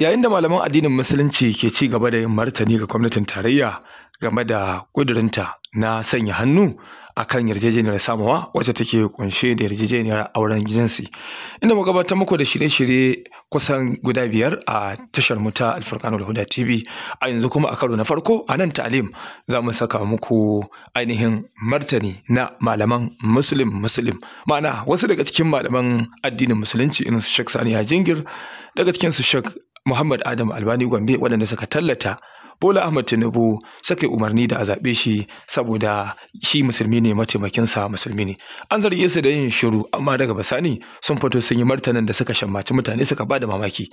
Yayin da malaman addinin Musulunci ke ci gaba da yin martani ga gwamnatin tarayya game da ƙudurinta na sanya hannu a kan yarjejeniyar samawa wacce take kunshe da yarjejeniyar auren jinsi inda mu gabatar muku da shirye-shirye kusan guda biyar a tashar muta ta huda tv a yanzu kuma a karo na farko a nan ta'alim za mu saka muku ainihin martani na malaman muslim muslim ma'ana wasu daga cikin malaman addinin musulunci in su shek sani jingir daga cikin su shek Muhammad Adam Albani Gombe waɗanda suka tallata Bola Ahmad Tinubu suka umarni da a zaɓe shi saboda shi musulmi ne mataimakinsa musulmi ne. An zargi su da yin shiru amma daga basani sun fito sun yi martanin da suka shammaci mutane suka da mamaki.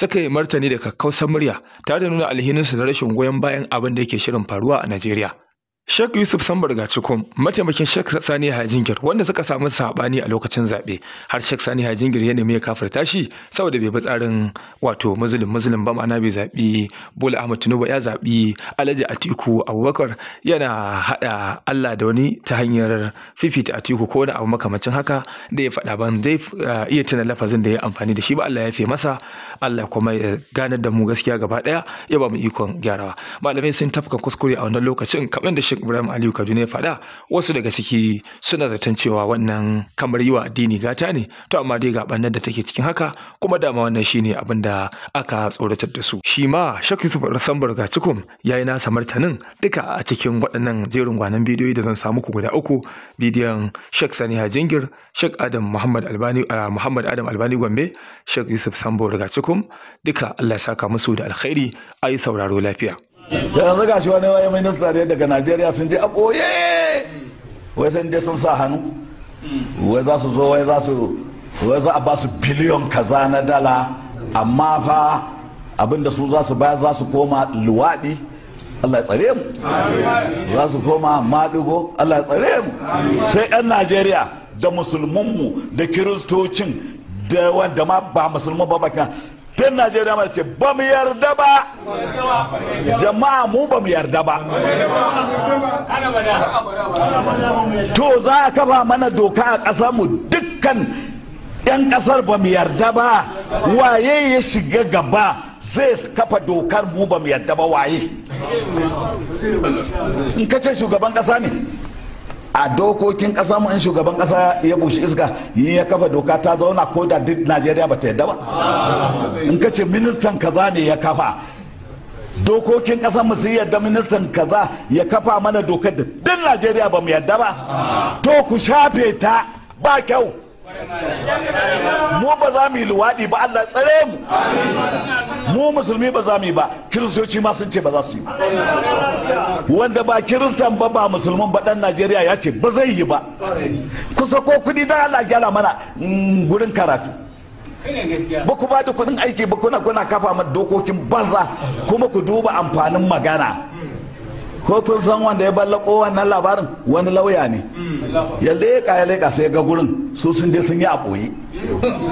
Suka yi martani da kakkausar murya tare da nuna alhininsu da rashin goyon bayan abin da yake shirin faruwa a Najeriya. Sheikh Yusuf Sambar Gacikum, mataimakin Sheikh Sani Hajingir wanda suka samu sabani a lokacin zaɓe, har Sheikh Sani Hajingir ya nemi ya kafirta shi saboda bai bi tsarin wato muslim muslim ba ma'ana bai zabi Bola Ahmad Tinubu ya zabi Alhaji Atiku Abubakar yana haɗa Allah da wani ta hanyar fifita Atiku ko wani abu makamancin haka da ya faɗa ban zai ah, iya tuna lafazin da ya amfani da shi ba Allah ya fi masa Allah kuma ya ganar da mu gaskiya gaba ɗaya ya ba mu ikon gyarawa. Malamai sun tafka kuskure a wannan lokacin kamar da Sheikh Ibrahim Aliyu Kaduna ya faɗa wasu daga ciki suna zaton cewa wannan kamar yiwa addini gata ne to amma dai ga bannan da take cikin haka kuma dama wannan shine abin da aka tsoratar da su shi ma Sheikh Yusuf Rasambar ga ya yi nasa martanin duka a cikin waɗannan jerin gwanan bidiyoyi da zan samu ku guda uku bidiyon Sheikh Sani Hajingir Sheikh Adam Muhammad Albani Muhammad Adam Albani Gombe Sheikh Yusuf Sambo cikum duka Allah ya saka musu da alkhairi ayi sauraro lafiya yanzu gashi wani waye minista ne daga najeriya sun je a ɓoye wai sun je sun sa hannu wai za su zo wai za su wai za a ba su biliyon kaza na dala amma fa abinda su za su bayar za su koma luwaɗi Allah ya tsare mu za su koma maɗigo Allah ya tsare mu sai 'yan Najeriya da musulmanmu da kiristocin da wanda ma ba musulman ba bakin tun najeriya mai ce ba mu yarda ba jama'a mu ba mu yarda ba to za a kafa mana doka a ƙasar mu dukkan 'yan ƙasar ba mu yarda ba waye ya shiga gaba zai kafa dokar mu ba mu yarda ba waye in kace shugaban ƙasa ne a dokokin ƙasa mu in shugaban ƙasa ya bushe iska yi ya kafa doka ta zauna ko da duk najeriya ba ta yadda ba in ka ce ministan kaza ne ya kafa dokokin ƙasar mu sun yadda ministan kaza ya kafa mana dokar da duk najeriya ba mu yadda ba to ku shafe ta ba kyau mu ba za mu yi luwaɗi ba Allah tsare mu mu musulmi ba za mu yi ba kiristoci ma sun ce ba za su yi wanda ba kiristan ba ba musulman ba dan Najeriya ya ce ba zai yi ba kusa ko kudi dan Allah gyara mana mm, gurin karatu ba ku ba da kudin aiki ba kuna kuna kafa ma dokokin banza kuma ku duba amfanin magana ko kun san wanda ya ballako wannan labarin wani lauya ne ya leƙa ya leƙa sai ga gurin su sun je sun yi a ɓoye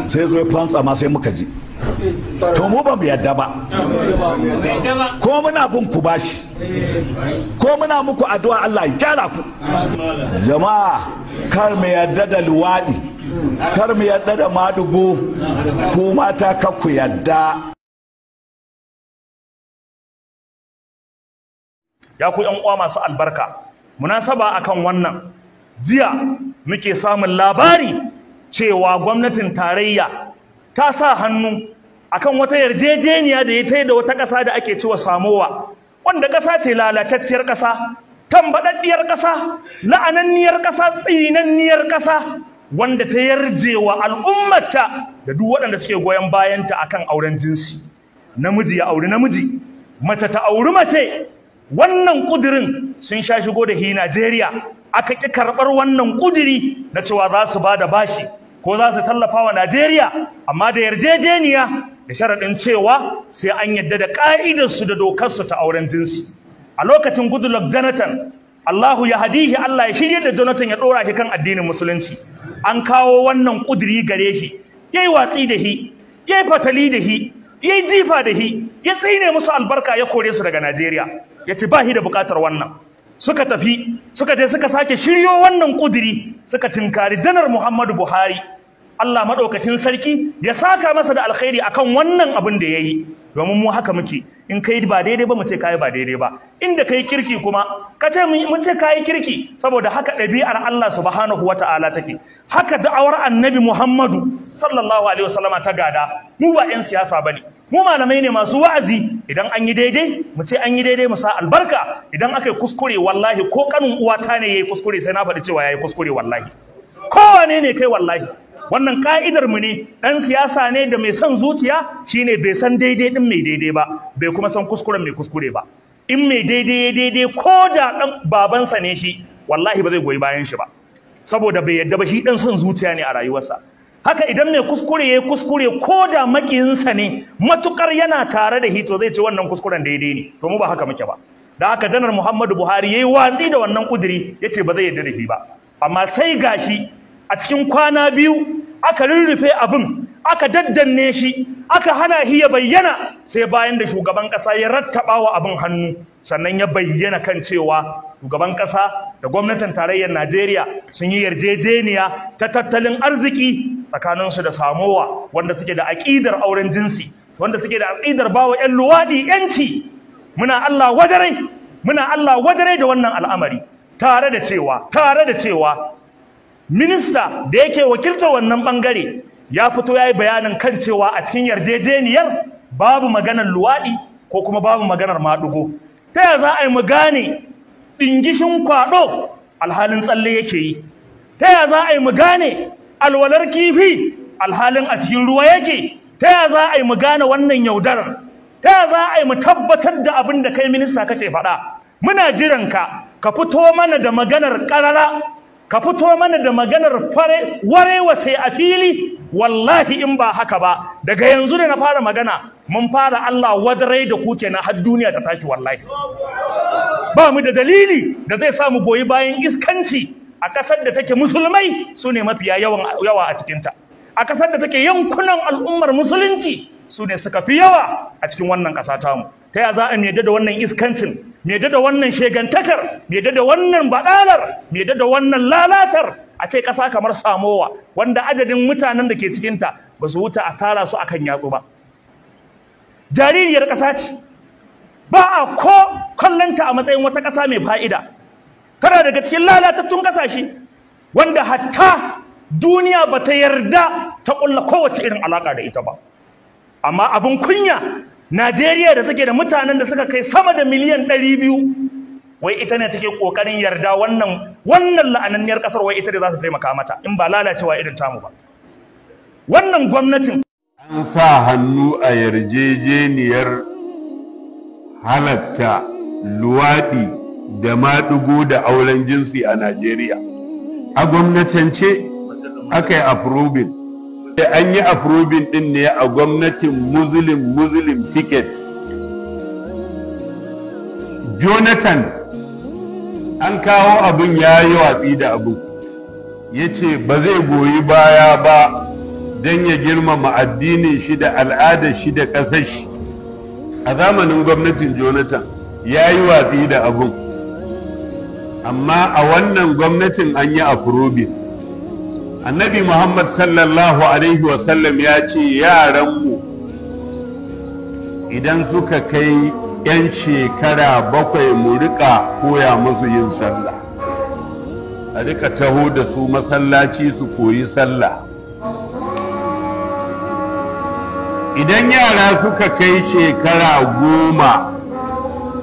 sai zo fantsa ma sai muka ji to mu ba mu yadda ba ko muna bin ku bashi ko muna muku addu'a Allah ya gyara ku jama'a kar mu yadda da luwaɗi kar mu yadda da madugo ko mata kakku yadda ya ku ƴan uwa masu albarka munasaba akan wannan jiya muke samun labari cewa gwamnatin tarayya ta sa hannu akan wata yarjejeniya da ya tai da wata ƙasa da ake cewa samowa wanda ƙasa ce lalatacciyar ƙasa tambaɗaɗɗiyar ƙasa la'ananniyar ƙasa tsinanniyar ƙasa wanda ta yarjewa al'ummata da duk waɗanda suke goyon bayanta akan auren jinsi namiji ya auri namiji mace ta auri mace wannan kudirin sun sha shigo da hi Najeriya aka ki karbar wannan kudiri na cewa za su bada bashi ko za su tallafa wa Najeriya amma da yarjejeniya da sharaɗin cewa sai an yadda da ƙa'idarsu da dokar su ta auren jinsi a lokacin Goodluck Jonathan Allahu ya hadihi Allah ya shirye da Jonathan ya dora shi kan addinin musulunci an kawo wannan kudiri gare shi yayi watsi da shi yayi fatali da shi yayi jifa da shi ya tsine musu albarka ya kore su daga Najeriya ya ce ba shi da buƙatar wannan suka tafi suka je suka sake shiryo wannan ƙudiri suka tinkari janar muhammadu buhari allah maɗaukacin sarki ya saka masa da alkhairi akan wannan abin da ya yi domin mu haka muke in yi ba daidai ba mu ce kai ba daidai ba inda ka yi kirki kuma ka ce mu ce kirki saboda haka ɗabi'ar allah subhanahu ta'ala take haka da'awar annabi muhammadu sallallahu alaihi wasallama ta gada mu ba 'yan siyasa ba ne. mu malamai ne masu wa'azi idan an yi daidai mu ce an yi daidai mu sa albarka idan aka yi kuskure wallahi ko kanin uwata ne yayi kuskure sai na faɗi cewa yayi kuskure wallahi kowane ne kai wallahi wannan ka'idar mu ne dan siyasa ne da mai son zuciya shine bai san daidai din mai daidai ba bai kuma san kuskuren mai kuskure ba in mai daidai daidai ko da dan babansa ne shi wallahi ba zai goyi bayan shi ba saboda bai yadda ba shi dan son zuciya ne a rayuwarsa haka idan mai kuskure ya kuskure ko da makiyinsa ne matukar yana tare da hito zai ce wannan kuskuren daidai ne to mu ba haka muke ba da haka janar Muhammadu Buhari ya yi watsi da wannan kuduri ce ba zai yarda da ba amma sai gashi a cikin kwana biyu aka rurrufe abin aka daddanne shi aka hana shi ya bayyana sai bayan da shugaban kasa ya rattaba wa abin hannu sannan ya bayyana kan cewa shugaban kasa da gwamnatin tarayyar Najeriya sun yi yarjejeniya ta tattalin arziki tsakaninsu da samowa wanda suke da aƙidar auren jinsi wanda suke da aƙidar bawa ƴan luwadi ƴanci muna Allah wadarai muna Allah wadarai da wannan al'amari tare da cewa tare da cewa minista da yake wakiltar wannan bangare ya fito ya yi bayanin kan cewa a cikin yarjejeniyar babu maganar luwaɗi ko kuma babu maganar maɗugo ta yi za a yi mu gane ɗingishin kwaɗo alhalin tsalle yake yi ta yi za a yi mu gane alwalar kifi alhalin a cikin ruwa yake ta yi za a yi mu gane wannan yaudar? ta yi za a yi mu tabbatar da abin da kai minista kake faɗa muna jiranka ka fito mana da maganar ƙarara ka fito mana da maganar fare warewa sai a fili wallahi in ba haka ba daga yanzu da na fara magana mun fara Allah wadarai da kuke na har duniya ta tashi wallahi ba mu da dalili da zai sa mu goyi bayan iskanci a kasar da take musulmai su ne mafiya yawa a cikinta a ƙasar da take yankunan al'ummar musulunci su ne suka fi yawa a cikin wannan ƙasa tamu ta ya za a mai da wannan iskancin mai da wannan shegantakar mai da wannan badalar mai da wannan lalatar a ce ƙasa kamar samowa wanda adadin mutanen da ke cikinta ba su wuta a tara su akan yatsu ba jaririyar ƙasa ce ba a ko kallonta a matsayin wata ƙasa mai fa'ida tana daga cikin lalatattun ƙasashe wanda hatta duniya ba ta yarda ta ƙulla kowace irin alaƙa da ita ba amma abin kunya Najeriya da take da mutanen da suka kai sama da miliyan ɗari biyu wai ita ne take ƙoƙarin yarda wannan wannan la'ananniyar ƙasar wai ita ne za ta taimaka mata in ba lalacewa irin tamu ba wannan gwamnatin an sa hannu a yarjejeniyar halatta luwaɗi da maɗigo da auren jinsi a Najeriya a gwamnatance aka yi approving an yi afrobin din ne a gwamnatin muslim muslim tickets jonathan an kawo abin ya yi watsi da abin ya ce ba zai goyi baya ba don ya girmama addinin shi da al'adar shi da ƙasar shi a zamanin gwamnatin jonathan ya yi watsi da abin amma a wannan gwamnatin an yi approving annabi muhammad sallallahu alaihi wasallam ya ce yaranmu idan suka kai 'yan shekara bakwai mu rika koya musu yin sallah a rika taho da su masallaci su koyi sallah idan yara suka kai shekara goma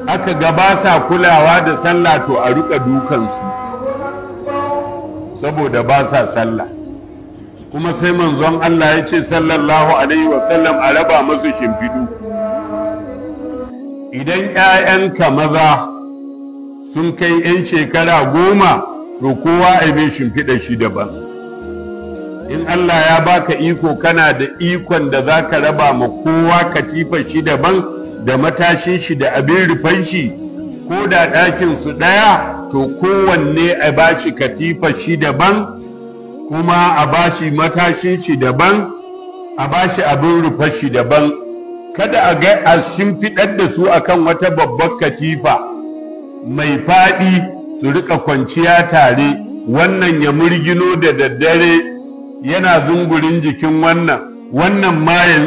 aka gabasa kulawa da sallah to a rika dukansu saboda ba sa sallah kuma sai manzon Allah ya ce sallallahu alaihi wasallam a raba masu shimfidu idan 'ya'yanka maza sun kai 'yan shekara goma to kowa a bin shimfiɗa shi daban in Allah ya baka iko kana da ikon da za ka raba ma kowa katifa shi daban da matashin shi da abin rufan shi ko da ɗakin su ɗaya to kowanne a ba shi katifa shi daban kuma a ba shi matashin shi daban a ba shi abin rufa shi daban kada a ga a shimfiɗar da su akan wata babbar katifa mai faɗi su rika kwanciya tare wannan ya murgino da daddare yana zungurin jikin wannan wannan ma ya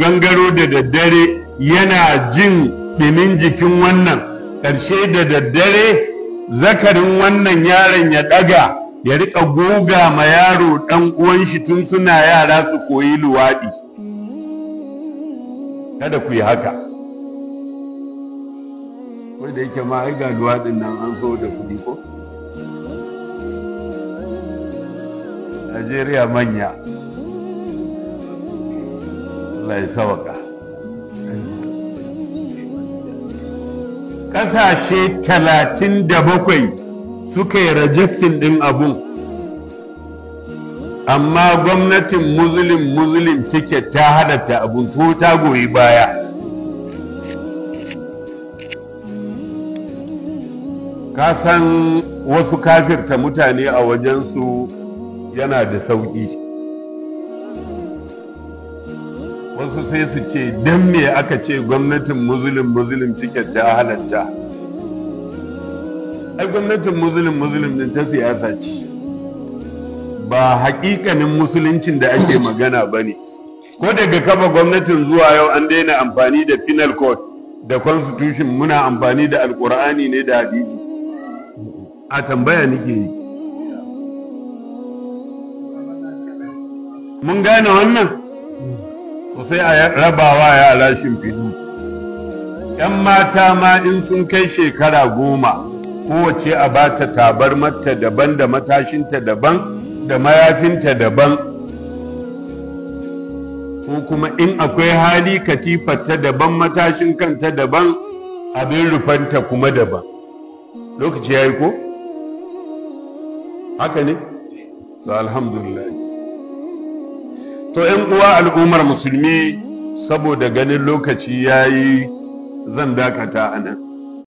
gangaro da daddare yana jin ɗimin jikin wannan ƙarshe da daddare zakarin wannan yaron ya ɗaga ya riƙa goga ma yaro ɗan uwan shi tun suna yara su koyi luwaɗi kada ku yi haka ko da yake ma ga luwaɗin nan an so da kuɗi ko Najeriya manya Allah ya sawaka ƙasashe 37 suka yi rejectin ɗin abun amma gwamnatin muslim muslim take ta ta abun to ta goyi baya ka san wasu kafirta mutane a wajensu yana da sauƙi wasu sai su ce don me aka ce gwamnatin muslim muslim ticket ta halatta ai gwamnatin muslim muslim din ta siyasa ce ba hakikanin musuluncin da ake magana ba ne ko daga kafa gwamnatin zuwa yau an daina amfani da penal code da constitution muna amfani da alkur'ani ne da hadisi a tambaya nake yi mun gane wannan to sai a rabawa yara fidu, ‘yan mata ma in sun kai shekara goma kowace a ba ta tabarmarta daban da matashinta daban da mayafinta daban ko kuma in akwai hali katifarta daban matashin kanta daban abin rufanta kuma daban lokaci ya yi ko? haka ne? alhamdulillah to yan uwa al'ummar musulmi saboda ganin lokaci ya yi zan dakata anan